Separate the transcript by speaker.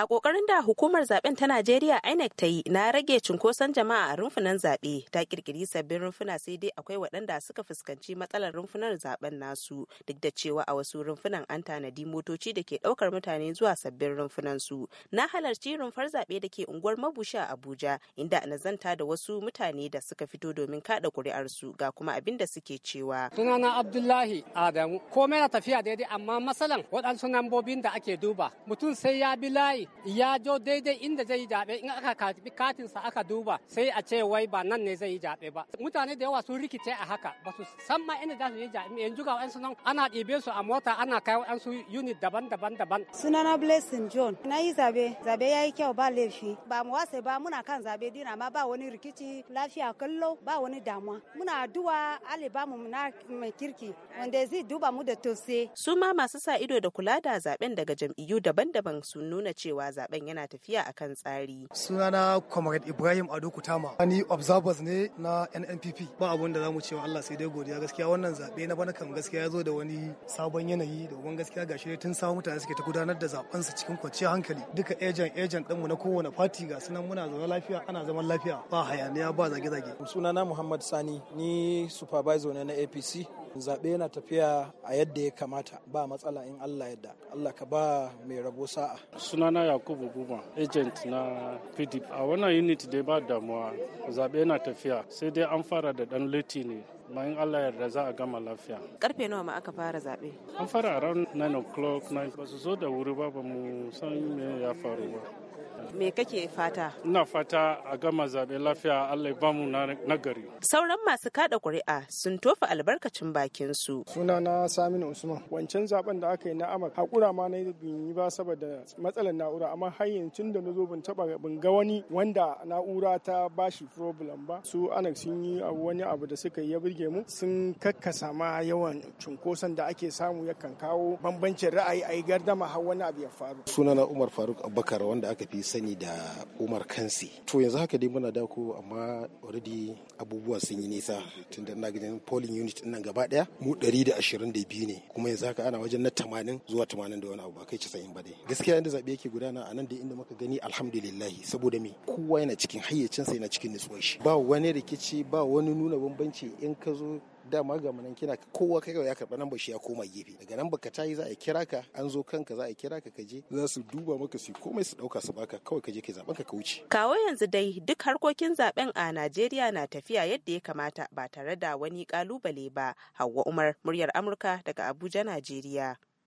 Speaker 1: A kokarin da hukumar zaben ta Najeriya INEC ta yi na rage cunkoson jama'a a rumfunan zaɓe ta kirkiri sabbin rumfuna sai dai akwai waɗanda suka fuskanci matsalar rumfunar zaben nasu duk da cewa a wasu rumfunan an tanadi motoci da ke ɗaukar mutane zuwa sabbin rumfunan su. Na halarci rumfar zaɓe da ke unguwar Mabusha Abuja inda na zanta da wasu mutane
Speaker 2: da suka fito domin kada kuri'ar su ga kuma abin da suke cewa. Sunana Abdullahi Adamu komai na tafiya daidai amma matsalan waɗansu nambobin da ake duba mutum sai ya bi layi ya jo daidai inda zai yi zaɓe in aka karbi katinsa aka duba sai a ce wai ba nan ne zai yi zaɓe ba mutane da yawa sun rikice a haka ba su san ma inda za su yi zaɓe yanzu ga wa'ansu nan ana ɗibe su a mota ana kai wa'ansu unit daban-daban daban.
Speaker 3: sunana blessing john na yi zaɓe zaɓe ya yi kyau ba laifi ba mu wasa ba muna kan zaɓe dina ma ba wani rikici lafiya kallo ba wani damuwa muna addu'a ali ba mu na mai kirki wanda zai duba
Speaker 1: mu da tausayi. su ma masu sa ido da kula da zaben daga jam'iyyu daban-daban sun nuna cewa cewa zaben yana tafiya a kan tsari.
Speaker 4: Sunana Comrade Ibrahim Ado Kutama, ni observers ne na NNPP. Ba abun da zamu cewa Allah sai dai godiya gaskiya wannan zabe na bana kan gaskiya ya zo da wani sabon yanayi da wani gaskiya gashi tun samu mutane suke ta gudanar da zaben su cikin kwanciyar hankali. Duka agent agent ɗinmu na kowane fati ga sunan muna zaune lafiya ana zaman lafiya ba hayaniya ba zage-zage. Sunana Muhammad Sani, ni supervisor ne na APC. zaɓe yana tafiya a yadda ya kamata ba matsala in Allah yadda Allah ka ba mai rabo sa'a
Speaker 5: sunana yakubu buba agent na pdp a wannan unit dai ba damuwa zaɓe na tafiya sai dai an fara da ɗan liti ne bayan allah yarda za a gama lafiya
Speaker 1: karfe nawa ma aka fara zaɓe
Speaker 5: an fara around 9 o'clock 9 ba su zo da wuri ba ba mu san me ya faru ba
Speaker 1: Me kake fata?
Speaker 5: Ina fata a gama zaɓe lafiya Allah ba mu na gari.
Speaker 1: Sauran masu kada ƙuri'a sun tofa albarkacin bakin su. na
Speaker 6: Saminu Usman. Wancan zaɓen da aka yi na amar hakura ma na yi ba saboda matsalar na'ura amma har yanzu da na zo ban taba ban ga wani wanda na'ura ta bashi problem ba. Su anak sun yi wani abu da suka yi ya burge mu sun kakkasa ma yawan cunkoson da ake samu yakan kawo bambancin ra'ayi a yi gardama har wani abu ya faru.
Speaker 4: Sunana Umar Faruk Abubakar wanda aka fi sai sani da Umar Kansi. To yanzu haka dai muna dako amma already abubuwa sun yi nisa da na ganin polling unit nan gaba daya mu 122 ne kuma yanzu haka ana wajen na 80 zuwa 80 da wani abu ba kai sayin ba dai. Gaskiya inda zabe yake gudana a nan da inda muka gani alhamdulillah saboda me kowa yana cikin sa yana cikin nutsuwar shi. Ba wani rikici ba wani nuna bambanci in ka zo dama ga manan kina kowa kai ya karba nan shi ya koma gefe daga nan baka tayi za a kira ka an zo kanka za a kira ka kaje za su duba maka su komai su ɗauka su baka kawai kaje kai zaɓen ka ka wuce.
Speaker 1: kawo yanzu dai duk harkokin zaben a najeriya na tafiya yadda ya kamata ba tare da wani kalubale ba hawa umar muryar amurka daga abuja najeriya.